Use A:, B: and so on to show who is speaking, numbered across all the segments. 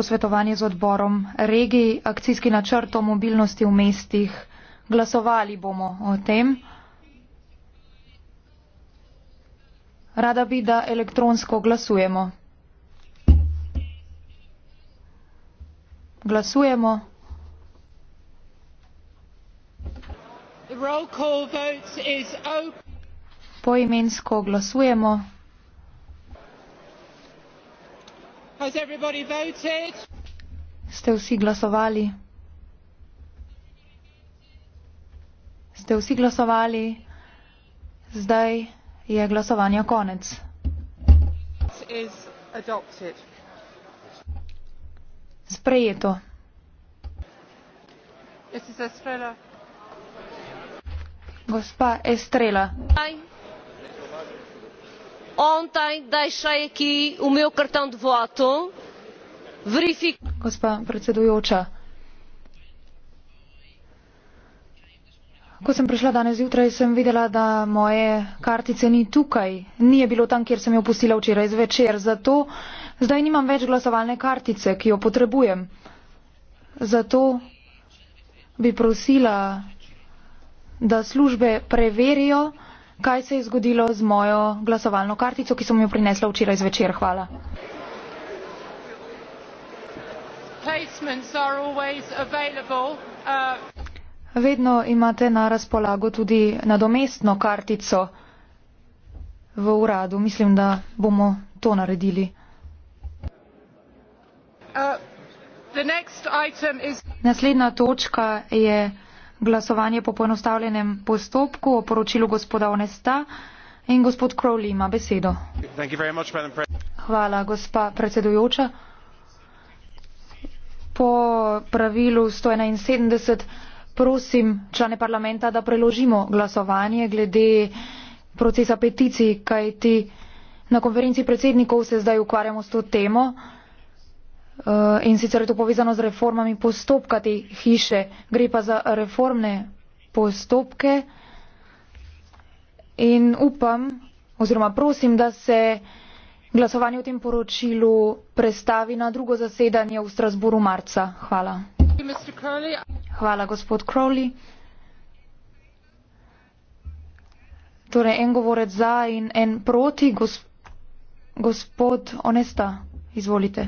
A: posvetovanje z odborom regij, akcijski načrt o mobilnosti v mestih. Glasovali bomo o tem. Rada bi, da elektronsko glasujemo. Glasujemo. Poimensko glasujemo. Ste vsi glasovali? Ste vsi glasovali? Zdaj je glasovanje konec. Sprejeto. Gospa Estrela.
B: Hi ontem deixei aqui o meu cartão de voto. Verifico.
A: Gospa predsedujoča. Ko sem prišla danes zjutraj, sem videla, da moje kartice ni tukaj. Ni je bilo tam, kjer sem jo pustila včeraj zvečer. Zato zdaj nimam več glasovalne kartice, ki jo potrebujem. Zato bi prosila, da službe preverijo, kaj se je zgodilo z mojo glasovalno kartico, ki sem jo prinesla včeraj zvečer. Hvala. Uh, Vedno imate na razpolago tudi nadomestno kartico v uradu. Mislim, da bomo to naredili. Uh, Naslednja točka je glasovanje po poenostavljenem postopku o poročilu gospoda Onesta in gospod Crowley ima besedo. Much, Hvala, gospa predsedujoča. Po pravilu 171 prosim člane parlamenta, da preložimo glasovanje glede procesa peticij, kajti na konferenci predsednikov se zdaj ukvarjamo s to temo. Eh, in sicer je to povezano z reformami postopka te hiše. Gre pa za reformne postopke in upam oziroma prosim, da se glasovanje o tem poročilu prestavi na drugo zasedanje v Strasburu marca. Hvala. Hvala, gospod Crowley. Torej, en govorec za in en proti, gospod Onesta, izvolite.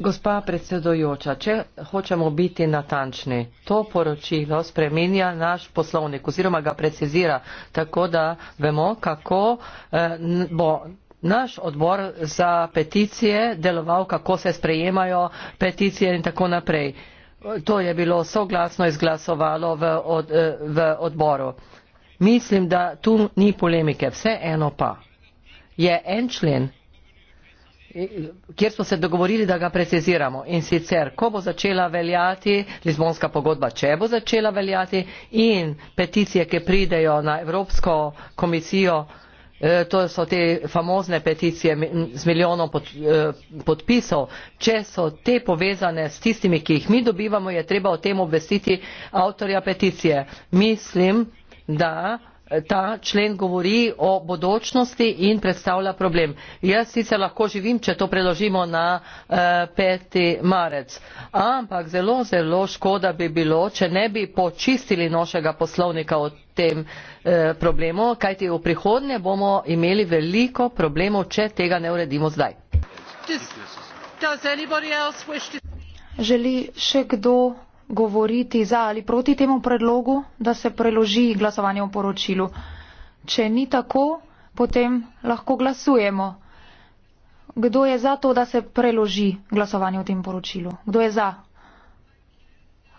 B: Gospa predsedojoča, če hočemo biti natančni, to poročilo spreminja naš poslovnik oziroma ga precizira, tako da vemo, kako eh, bo naš odbor za peticije deloval, kako se sprejemajo peticije in tako naprej. To je bilo soglasno izglasovalo v, od, eh, v odboru. Mislim, da tu ni polemike. Vseeno pa je en člen kjer smo se dogovorili, da ga preciziramo. In sicer, ko bo začela veljati Lizbonska pogodba, če bo začela veljati in peticije, ki pridejo na Evropsko komisijo, eh, to so te famozne peticije z milijonom eh, podpisov, če so te povezane s tistimi, ki jih mi dobivamo, je treba o tem obvestiti avtorja peticije. Mislim, da ta člen govori o bodočnosti in predstavlja problem. Jaz sicer lahko živim, če to preložimo na eh, 5. marec, ampak zelo, zelo škoda bi bilo, če ne bi počistili našega poslovnika o tem eh, problemu, kajti v prihodnje bomo imeli veliko problemov, če tega ne uredimo zdaj. Does, does
A: Želi še kdo govoriti za ali proti temu predlogu, da se preloži glasovanje o poročilu. Če ni tako, potem lahko glasujemo. Kdo je za to, da se preloži glasovanje o tem poročilu? Kdo je za?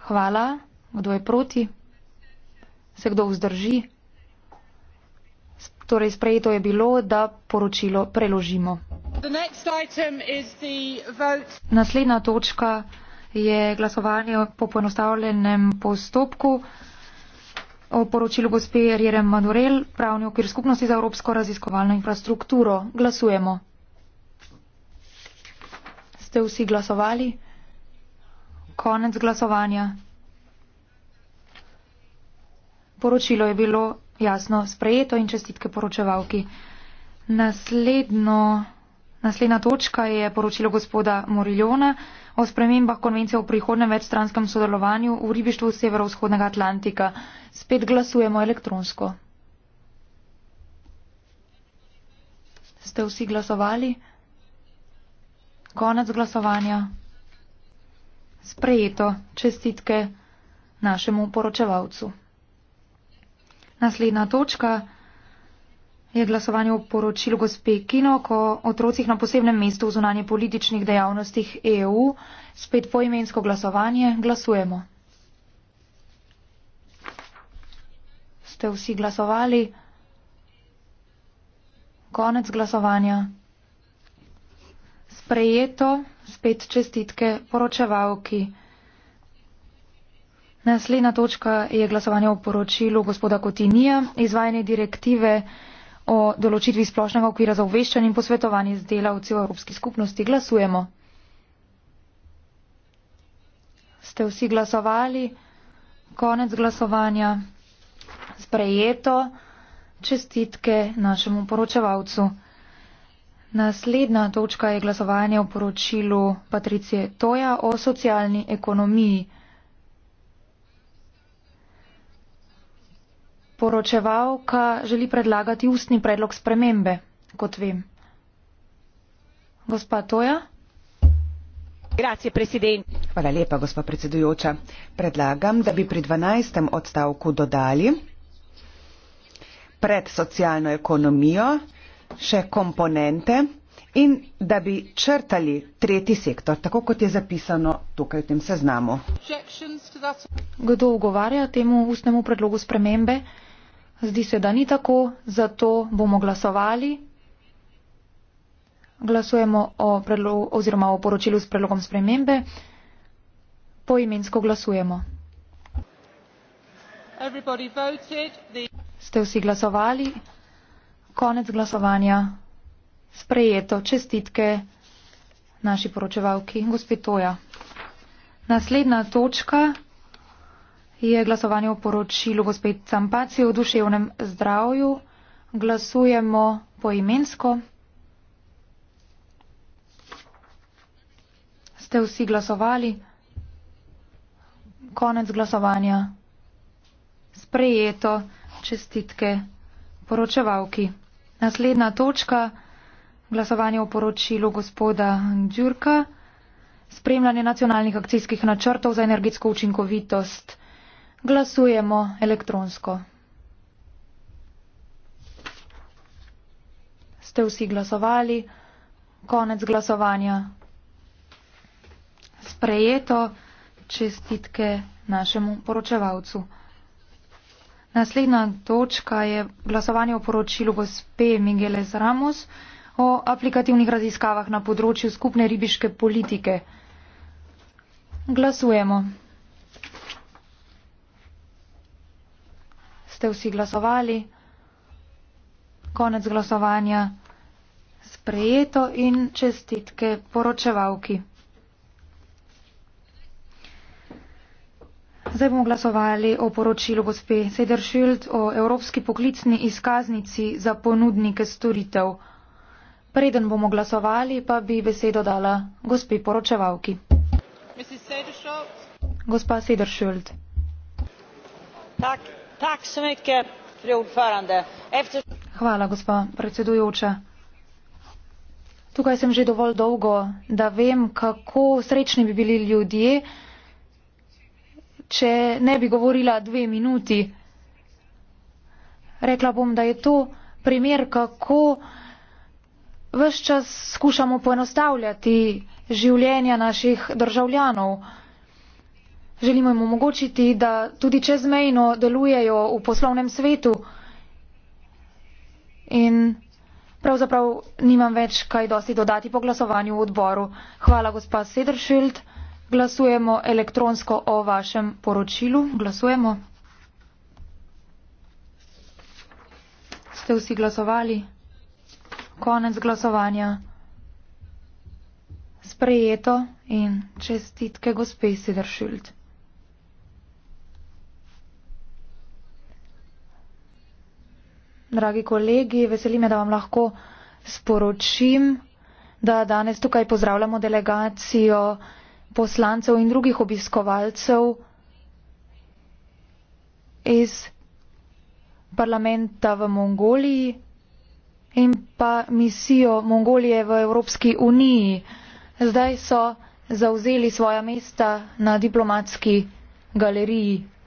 A: Hvala. Kdo je proti? Se kdo vzdrži? Torej, sprejeto je bilo, da poročilo preložimo. Naslednja točka je glasovanje po poenostavljenem postopku. O poročilu gospe Rjerem Madurel, pravni okvir skupnosti za evropsko raziskovalno infrastrukturo. Glasujemo. Ste vsi glasovali? Konec glasovanja. Poročilo je bilo jasno sprejeto in čestitke poročevalki. Naslednjo. Naslednja točka je poročilo gospoda Moriljona o spremembah konvencije o prihodnem večstranskem sodelovanju v ribištvu severovzhodnega Atlantika. Spet glasujemo elektronsko. Ste vsi glasovali? Konec glasovanja. Sprejeto. Čestitke našemu poročevalcu. Naslednja točka je glasovanje v poročilu gospe Kino, ko otrocih na posebnem mestu v zunanje političnih dejavnostih EU, spet poimensko glasovanje, glasujemo. Ste vsi glasovali? Konec glasovanja. Sprejeto, spet čestitke poročevalki. Naslednja točka je glasovanje o poročilu gospoda Kotinija, izvajanje direktive o določitvi splošnega okvira za obveščanje in posvetovanje z delavci v Evropski skupnosti glasujemo. Ste vsi glasovali? Konec glasovanja. Sprejeto. Čestitke našemu poročevalcu. Naslednja točka je glasovanje o poročilu Patricije Toja o socialni ekonomiji. poročevalka želi predlagati ustni predlog spremembe, kot vem. Gospa Toja. Hvala lepa, gospa predsedujoča. Predlagam, da bi pri 12. odstavku dodali pred socialno ekonomijo še komponente in da bi črtali tretji sektor, tako kot je zapisano tukaj v tem seznamu. Kdo ugovarja temu ustnemu predlogu spremembe? Zdi se, da ni tako, zato bomo glasovali. Glasujemo o, oziroma o poročilu s predlogom spremembe. Poimensko glasujemo. Ste vsi glasovali? Konec glasovanja. Sprejeto. Čestitke naši poročevalki. Gospod Toja. Naslednja točka je glasovanje o poročilu gospe Campaci o duševnem zdravju. Glasujemo poimensko. Ste vsi glasovali? Konec glasovanja. Sprejeto. Čestitke poročevalki. Naslednja točka. Glasovanje o poročilu gospoda Đurka. Spremljanje nacionalnih akcijskih načrtov za energetsko učinkovitost. Glasujemo elektronsko. Ste vsi glasovali? Konec glasovanja. Sprejeto čestitke našemu poročevalcu. Naslednja točka je glasovanje o poročilu gospe Migeles Ramos o aplikativnih raziskavah na področju skupne ribiške politike. Glasujemo. ste vsi glasovali. Konec glasovanja sprejeto in čestitke poročevalki. Zdaj bomo glasovali o poročilu gospe Sederšild o evropski poklicni izkaznici za ponudnike storitev. Preden bomo glasovali, pa bi besedo dala gospe poročevalki. Gospa Sederšild. Tak, tukaj sem že dovolj dolgo da vem kako srečni bi bili ljudje če ne bi govorila dve minuti rekla bom da je to primer kako Ves čas skušamo poenostavljati življenja naših državljanov. Želimo jim omogočiti, da tudi čezmejno delujejo v poslovnem svetu. In pravzaprav nimam več kaj dosti dodati po glasovanju v odboru. Hvala, gospa Sedršild. Glasujemo elektronsko o vašem poročilu. Glasujemo. Ste vsi glasovali? Konec glasovanja. Sprejeto in čestitke gospe Sedršild. dragi kolegi, veseli me, da vam lahko sporočim, da danes tukaj pozdravljamo delegacijo poslancev in drugih obiskovalcev iz parlamenta v Mongoliji in pa misijo Mongolije v Evropski uniji. Zdaj so zauzeli svoja mesta na diplomatski galeriji.